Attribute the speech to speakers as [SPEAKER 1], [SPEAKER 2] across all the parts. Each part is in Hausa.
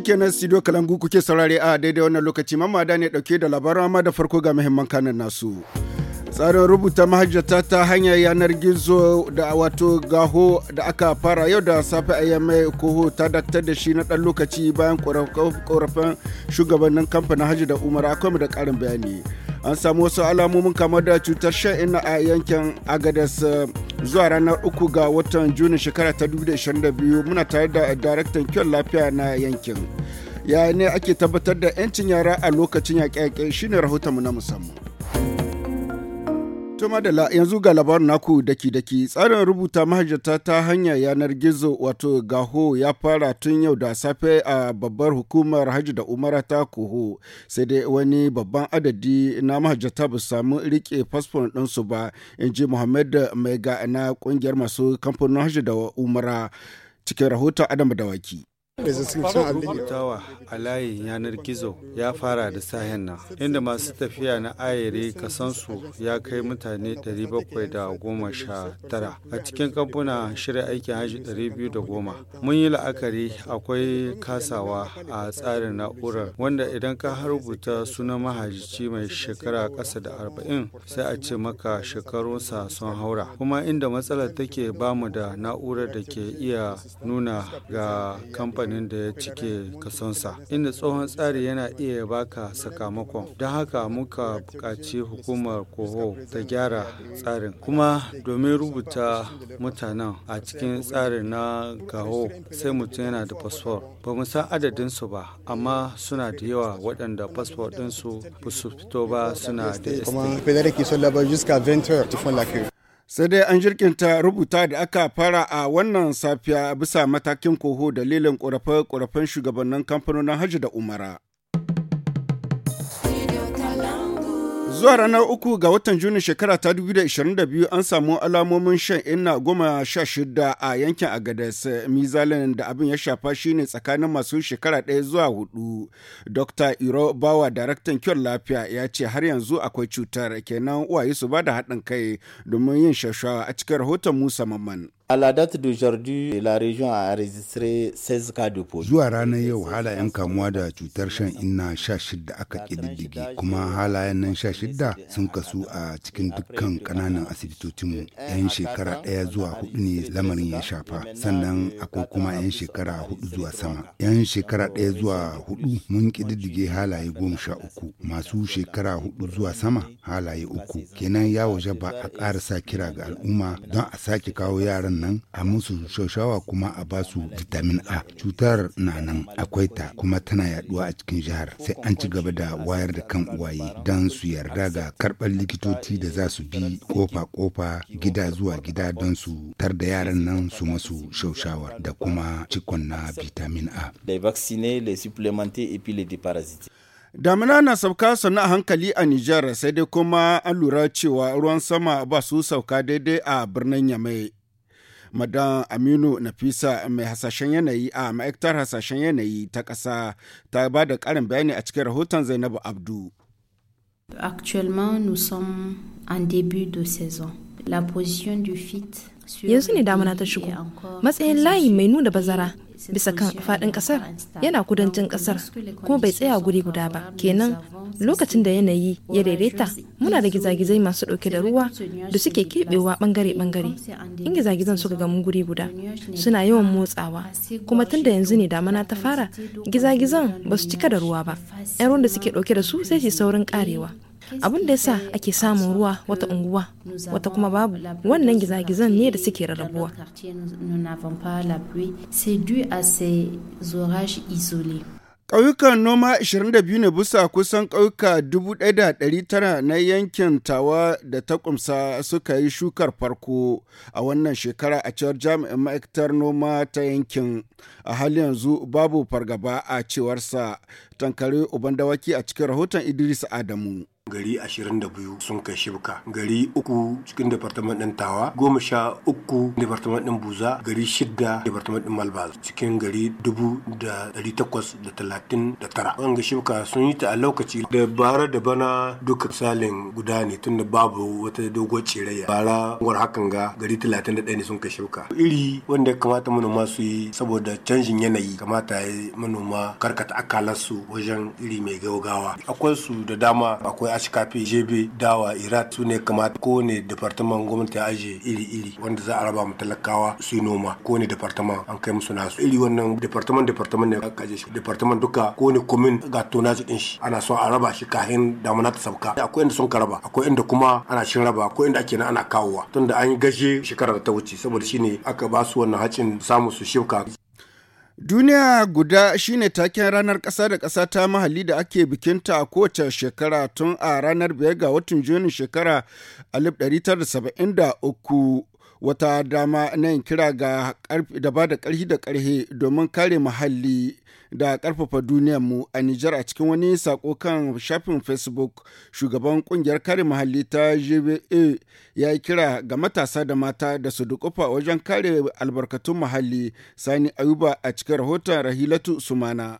[SPEAKER 1] kenan studio kalangu kuke saurare a daidai wannan lokaci mamada ne dauke da labaran amma da farko ga muhimman kanan nasu tsarin rubuta mahajjata ta hanyar yanar gizo da wato gaho da aka fara yau da safe a yamma koho ta daktar da shi na dan lokaci bayan korafin shugabannin kamfanin hajji da umar akwai mu da karin bayani an samu wasu alamomin kama da cutar shan ina a yankin agadas eh, zuwa ranar uku ga watan juni shekara ta 2022 muna tare da daraktan kyon lafiya na yankin ya ne ake tabbatar da 'yancin yara a lokacin yaƙe-yaƙe shine rahoton mu na musamman To da yanzu ga labarin naku daki-daki tsarin rubuta mahajjata ta hanyar yanar gizo wato gaho ya fara tun yau da safe a babbar hukumar hajji da umara ta koho sai dai wani babban adadi na mahajjata ba samu rike fasfon ɗinsu ba in ji Muhammad Maiga na ƙungiyar masu kamfanin hajji da umara cikin rahoton Adam Dawaki.
[SPEAKER 2] Rubutawa a layin yanar gizo ya fara da sahen nan, inda masu tafiya na ayere kasansu ya kai mutane 719 a cikin kamfuna shirya aikin haji 210. Mun yi la'akari akwai kasawa a tsarin na'urar wanda idan ka rubuta sunan mahajici mai shekara ƙasa da 40 sai a ce maka shekarunsa sun haura. Kuma inda matsalar take bamu da na'urar da ke iya nuna ga kamfani. amfanin da ya cike kasonsa inda tsohon tsari yana iya baka sakamakon don haka muka buƙaci hukumar koho ta gyara tsarin kuma domin rubuta mutanen a cikin tsarin na gaho sai mutum yana da fasfor ba mu san adadinsu ba amma suna da yawa waɗanda fasfor ɗinsu ba su fito ba suna da
[SPEAKER 1] sai dai an jirkinta rubuta da aka fara a wannan safiya bisa matakin koho dalilin ƙorafe-ƙorafen shugabannin kamfanonin hajji da umara. Zuwa ranar uku ga watan Juni shekara ta 2022 an samu alamomin shan ina goma sha shida a yankin Agadez mizalin da abin ya shafa shine tsakanin masu shekara ɗaya zuwa hudu. Dr. Iro Bawa daraktan kyon lafiya ya ce har yanzu akwai cutar kenan uwaye su ba da haɗin kai domin yin shashawa a cikin rahoton Musa Mamman.
[SPEAKER 3] A la date d'aujourd'hui, la région a enregistré 16 cas de polio.
[SPEAKER 4] Zuwa ranar yau halayen kamuwa da cutar shan inna 16 aka ƙididdige kuma halayen nan 16 sun kasu a cikin dukkan kananan asibitocinmu. 'Yan shekara ɗaya zuwa hudu ne lamarin ya shafa sannan akwai kuma 'yan shekara hudu zuwa sama. 'Yan shekara ɗaya zuwa hudu mun ƙididdige halaye goma sha uku masu shekara hudu zuwa sama halaye uku kenan ya waje ba a ƙarasa kira ga al'umma don a sake kawo yaran sannan a musu shaushawa kuma a basu vitamin A. Cutar na nan akwai ta kuma tana yaduwa a cikin jihar sai an ci gaba da wayar da kan uwaye don su yarda ga karɓar likitoci da za su bi kofa-kofa gida zuwa gida don su tar da yaran nan su masu shaushawar da kuma cikon na vitamin A.
[SPEAKER 1] Damina na sauka sannu a hankali a Nijar sai dai kuma an lura cewa ruwan sama ba su sauka daidai a birnin Yamai madan aminu nafisa mai hasashen yanayi a ma'aikatar hasashen yanayi ta ƙasa ta ba da ƙarin bayani a cikin rahoton zainabu abdu
[SPEAKER 5] actuellement nous sommes en début de saison yanzu ne damuna ta shigo matsayin layi mai nuna bazara bisa kan faɗin ƙasar yana kudancin ƙasar kuma bai tsaya guri guda ba kenan lokacin da yanayi ya daidaita muna da gizagizai masu ɗauke da ruwa da suke keɓewa ɓangare-ɓangare in gizagizan suka gamu guri guda suna yawan motsawa kuma tun da yanzu ne damana ta fara gizagizan ba su cika da ruwa ba 'yan ruwan da suke ɗauke da su sai su saurin ƙarewa abin da yasa ake samun ruwa wata unguwa wata kuma babu wannan gizagizan ne da suke rarrabuwa ƙauyukan noma
[SPEAKER 1] 22 ne bisa kusan ƙauyuka 1,900 na yankin tawa da ta ƙumsa suka yi shukar farko a wannan shekara a cewar jami'in ma'aikatar noma ta yankin a halin yanzu babu fargaba a cewarsa tankare
[SPEAKER 3] uban dawaki a cikin rahoton idris adamu gari 22 sun kai shibka gari uku cikin departement din tawa goma sha uku departament din buza gari shidda departement din malbaz cikin gari dubu da dari takwas da talatin da tara wanga shibka sun yi ta a lokaci da bara da bana duka salin guda ne tunda babu wata dogon cirayya bara war hakan ga gari talatin da ɗaya ne sun kai shibka iri wanda kamata manoma su yi saboda canjin yanayi kamata manoma karkata akalarsu wajen iri mai gaugawa akwai su da dama akwai hkp jebe dawa irat su ne kamata ne departaman gwamnati ya aje iri-iri wanda za a raba mu talakawa su yi noma ne departaman an kai musu nasu iri wannan departaman departaman ne ka je shi departaman duka ne komin ga tonaji din shi ana son a raba shi kafin damuna ta sauka akwai inda sun ka raba akwai inda kuma ana shin raba akwai inda ake na ana kawowa tunda an yi gaje shekarar da ta wuce saboda shine aka ba su wannan hacin samu su shifka Duniya guda shine taken ranar ƙasa da ƙasa ta mahalli
[SPEAKER 1] da ake bikinta a kowace shekara tun a ranar biyar ga watan Junin shekara 1973 wata dama na yin kira ga da ba da ƙarfi da ƙarhe domin kare muhalli da karfafa duniyar mu a Nijar a cikin wani sako kan shafin Facebook shugaban kungiyar kare muhalli ta GBA ya yi kira ga matasa da mata da su dukufa wajen kare albarkatun muhalli Sani Ayuba a cikin rahoton Rahilatu Sumana.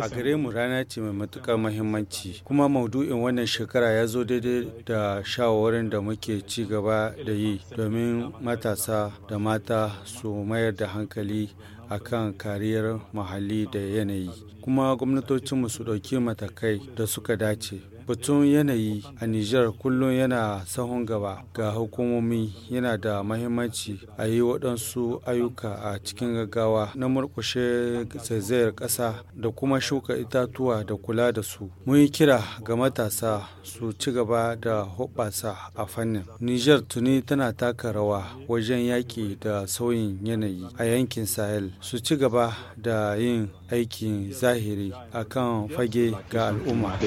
[SPEAKER 2] A gare mu rana ce mai matuƙar mahimmanci kuma maudu'in wannan shekara ya zo daidai da shawarwarin da muke ci gaba da yi domin matasa da mata su mayar da hankali akan kariyar muhalli da yanayi kuma gwamnatocinmu su ɗauki matakai da suka dace batun yanayi a Nijar kullum yana sahun gaba ga hukumomi yana da mahimmanci a yi waɗansu ayyuka a cikin gaggawa na murƙushe zaizayar ƙasa da kuma shuka itatuwa da kula da su. Mun yi kira ga matasa su ci gaba da hoɓasa a fannin. Nijar tuni tana taka rawa wajen yaƙi da sauyin yanayi a yankin Sahel su ci gaba da yin aikin zahiri a kan
[SPEAKER 1] fage ga al'umma.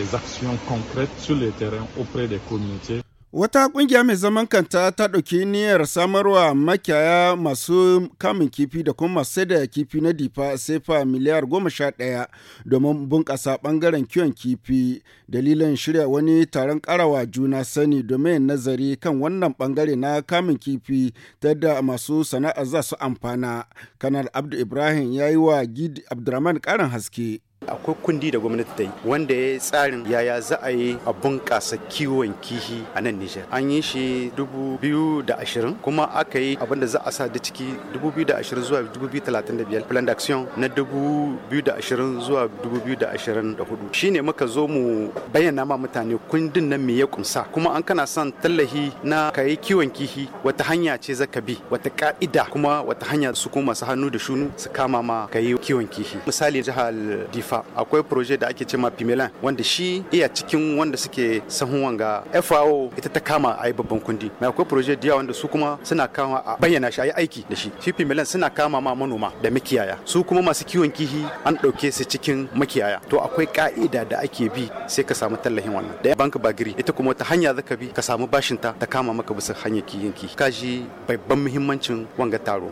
[SPEAKER 1] Wata ƙungiya mai zaman kanta ta ɗauki niyyar samarwa makiyaya masu kamun kifi da kuma masu da kifi na difa sefa miliyar goma sha ɗaya domin bunƙasa ɓangaren kiwon kifi. Dalilin shirya wani taron karawa juna sani domin nazari kan wannan ɓangare na kamun kifi ta da masu sana'a za su amfana. Kanar Abdu Ibrahim ya yi wa gid Abdurrahman ƙarin haske.
[SPEAKER 5] akwai kundi da gwamnati ta yi wanda ya tsarin yaya za a yi a bunƙasa kiwon kihi a nan Nijar. An yi shi dubu biyu da ashirin kuma aka yi abin da za a sa da ciki dubu biyu da ashirin zuwa dubu biyu talatin da biyar plan d'action na dubu biyu da ashirin zuwa dubu biyu da ashirin da hudu. Shi ne muka zo mu bayyana ma mutane kundin nan me ya kumsa kuma an kana son tallahi na ka yi kiwon kihi wata hanya ce za ka bi wata ka'ida kuma wata hanya su kuma su hannu da shunu su kama ma ka yi kiwon kihi. Misali jihar Difa efa akwai proje da ake cema pimelan wanda shi iya cikin wanda suke sahun wanga fao ita ta kama a yi babban kundi mai akwai proje diya wanda su kuma suna kama a bayyana shi a yi aiki da shi shi pimelan suna kama ma manoma da makiyaya su kuma masu kiwon kihi an ɗauke su cikin makiyaya to akwai ka'ida da ake bi sai ka samu tallahin wannan da banka bagiri ita kuma wata hanya zaka bi ka samu bashinta ta kama maka bisa hanyar kiyin kihi kaji babban muhimmancin wanga taro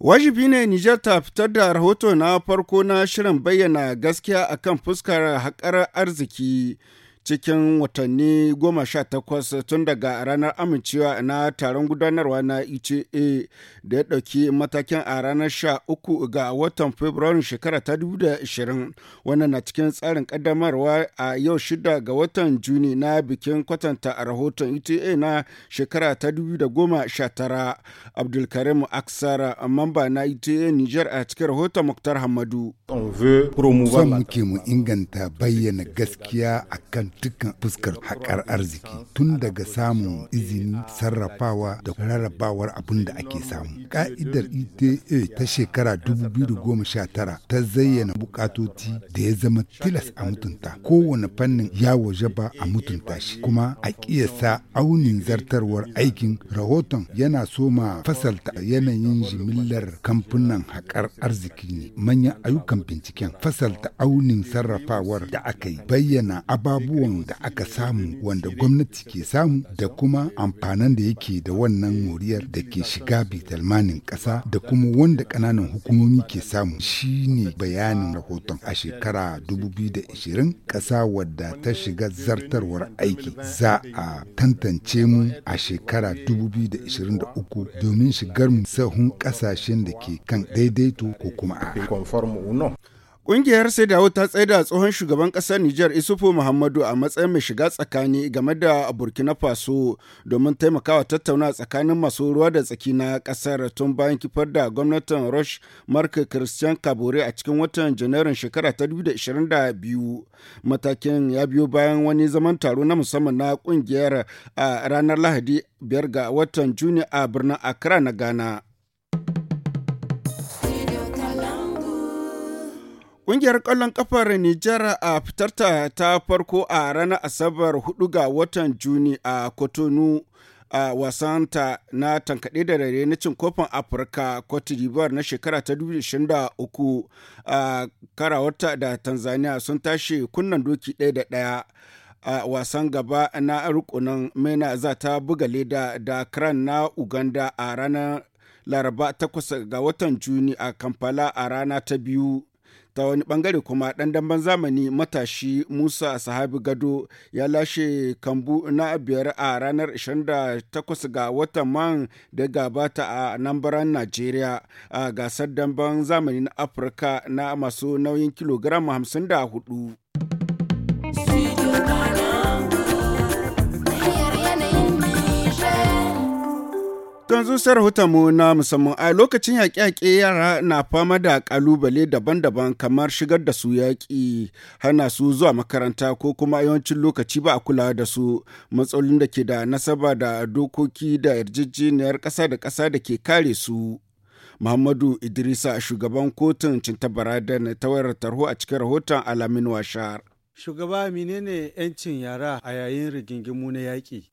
[SPEAKER 1] Wajibi ne Nijar ta fitar da rahoto na farko na shirin bayyana gaskiya akan fuskar haƙar arziki. cikin watanni goma sha takwas tun daga ranar amincewa na taron gudanarwa na ECA da ya ɗauki matakin a ranar sha uku ga watan fabrairu shekara ta dubu da ashirin wannan na cikin tsarin ƙaddamarwa a yau shida ga watan Juni na bikin kwatanta e a rahoton ETA na shekara ta dubu da goma sha tara Abdulkarim Aksara mamba na ETA Niger a cikin rahoton Muktar Hamadu. Son
[SPEAKER 4] muke mu inganta bayyana gaskiya akan dukkan fuskar haƙar arziki tun daga samun izini sarrafawa da rarrabawar abin da ake samu. Ka'idar ita e ta shekara 2019 ta zayyana bukatoti da ya zama tilas a mutunta. Kowane fannin ya waje ba a mutunta shi kuma a ƙiyasa aunin zartarwar aikin rahoton yana so ma fasalta yanayin jimillar kamfunan haƙar arziki ne. Manyan ayyukan binciken fasalta aunin sarrafawar da aka yi bayyana ababuwa ciwon da aka samu wanda gwamnati ke samu da kuma amfanin da yake da wannan moriyar da ke shiga bitalmanin ƙasa da kuma wanda ƙananan hukumomi ke samu shine bayanin rahoton a shekara 2020 ƙasa wadda ta shiga zartarwar aiki za a tantance mu a shekara 2023 domin shigar mu sahun ƙasashen da ke kan daidaito ko kuma a. Ƙungiyar sai dawo ta da tsohon shugaban
[SPEAKER 1] ƙasar Nijar Isufu Muhammadu a matsayin mai shiga tsakani game da Burkina Faso domin taimakawa tattauna tsakanin masu ruwa da tsaki na ƙasar tun bayan kifar da gwamnatin rush Mark Christian Kabore a cikin watan Janairun shekara ta 2022. Matakin ya biyo bayan wani zaman taro na musamman na ƙungiyar a ranar Lahadi biyar ga watan Juni a birnin Accra na Ghana. Ƙungiyar ƙwallon ƙafar Nijar a fitarta ta farko a ranar Asabar 4 ga watan Juni a Kotonu a wasanta na tankaɗe da rare na cin kofin Afirka Cote d'Ivoire na shekara ta 2023 a da Tanzania sun tashi kunnan doki ɗaya da ɗaya. a wasan gaba na rukunin mena za ta buga leda da kran na uganda a ranar laraba 8 ga watan juni a kampala a rana ta biyu ta wani bangare kuma dan damben zamani matashi musa sahabi gado ya lashe kambu na biyar a ranar 28 ga watan man da gabata a nambaran najeriya a gasar damben zamani na afirka na masu nauyin kilogram 54 Don rahoton mu na musamman a lokacin yaƙe-yaƙe yara na fama da ƙalubale daban-daban kamar shigar da su yaƙi hana su zuwa makaranta ko kuma yawancin lokaci ba a kula da su matsalolin da ke da nasaba da dokoki da yarjejeniyar ƙasa da ƙasa da ke kare su. Muhammadu Idrisa shugaban kotun Cintabara da na tawayar tarho a cikin rahoton Alamin Washar.
[SPEAKER 2] Shugaba menene 'yancin yara a yayin rigingimu na yaƙi?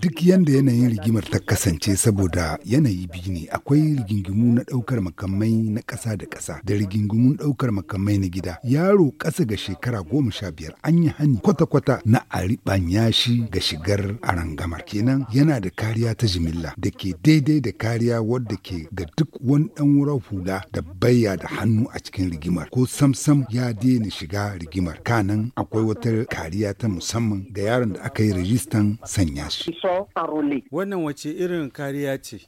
[SPEAKER 4] Duk yanda yanayin rigimar ta kasance saboda yanayi biyu ne akwai rigingimu na ɗaukar makamai na ƙasa da ƙasa da rigingimun ɗaukar makamai na gida. Yaro ƙasa ga shekara goma sha biyar an yi hani kwata-kwata na ariɓanya shi ga shigar arangamar kenan yana da kariya ta jimilla da ke daidai da kariya wadda ke ga duk wani ɗan wurin hula da baya da hannu a cikin rigimar ko samsam ya daina shiga rigimar kanan akwai wata kariya ta musamman ga yaron da aka yi rajistan sanya shi.
[SPEAKER 2] Wannan wace irin kariya ce?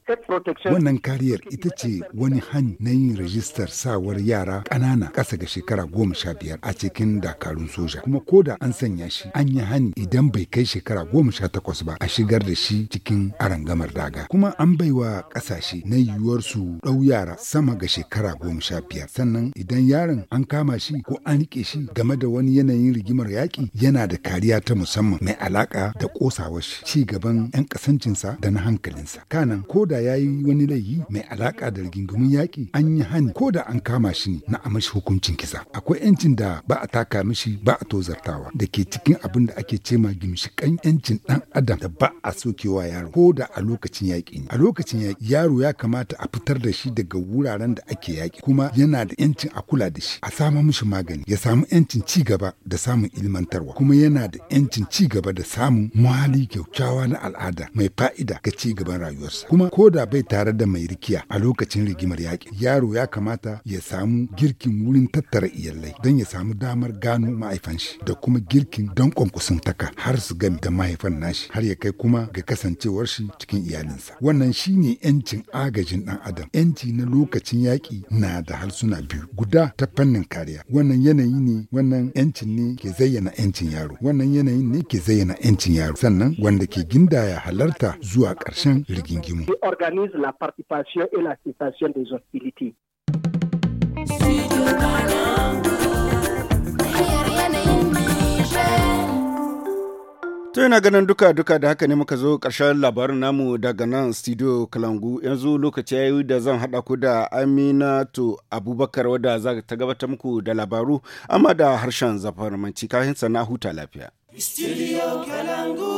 [SPEAKER 2] Wannan kariyar
[SPEAKER 4] ita ce wani hanyar na yin rajistar sawar yara ƙanana ƙasa ga shekara goma sha biyar a cikin dakarun soja. Kuma ko da an sanya shi an yi hani idan bai kai shekara goma sha takwas ba a shigar da shi cikin arangamar daga. Kuma an baiwa ƙasashe na yiwuwar su ɗau yara sama ga shekara goma sha biyar. Sannan idan yaron an kama shi ko an riƙe shi shi game da wani yanayin rigimar yaƙi yana da kariya ta musamman mai alaƙa da ƙosawar shi ci gaban 'yan kasancinsa da na hankalinsa kanan ko da ya yi wani laifi mai alaƙa da rigingimun yaƙi an yi hani ko da an kama shi ne na mashi hukuncin kisa akwai 'yancin da ba a taka mishi ba a tozartawa da ke cikin abin da ake cema gimshiƙan 'yancin ɗan adam da ba a sokewa yaro ko da a lokacin yaƙi ne a lokacin yaƙi yaro ya kamata a fitar da shi daga wuraren da ake yaƙi kuma yana da 'yancin a kula da shi a samu mishi magani ya samu 'yancin ci gaba da samun ilmantarwa kuma yana da 'yancin ci gaba da samun muhali kyaukyawa na al'ada mai fa'ida ga ci gaban rayuwarsa kuma ko da bai tare da mai rikiya a lokacin rigimar yaƙi yaro ya kamata ya samu girkin wurin tattara iyalai don ya samu damar gano ma'aifanshi da kuma girkin don kwankwason har su gami da mahaifan nashi har ya kai kuma ga kasancewar shi cikin iyalinsa wannan shine 'yancin agajin ɗan adam 'yanci na lokacin yaƙi na da harsuna biyu guda ta fannin kariya wannan yanayi ne wannan yancin ne ke zayyana yancin yaro wannan yanayin ne ke zayyana yancin yaro sannan wanda ke gindaya halarta zuwa ƙarshen rigingimu.
[SPEAKER 3] participation et
[SPEAKER 1] To yana ganin duka-duka da haka ne muka zo ƙarshen labarin namu daga nan studio Kalangu yanzu lokaci ya yi da zan haɗa ku da Aminatu Abubakar wadda za ta gabatar muku da labaru amma da harshen zafarmanci kafin sana huta lafiya.
[SPEAKER 5] Studio Kalangu.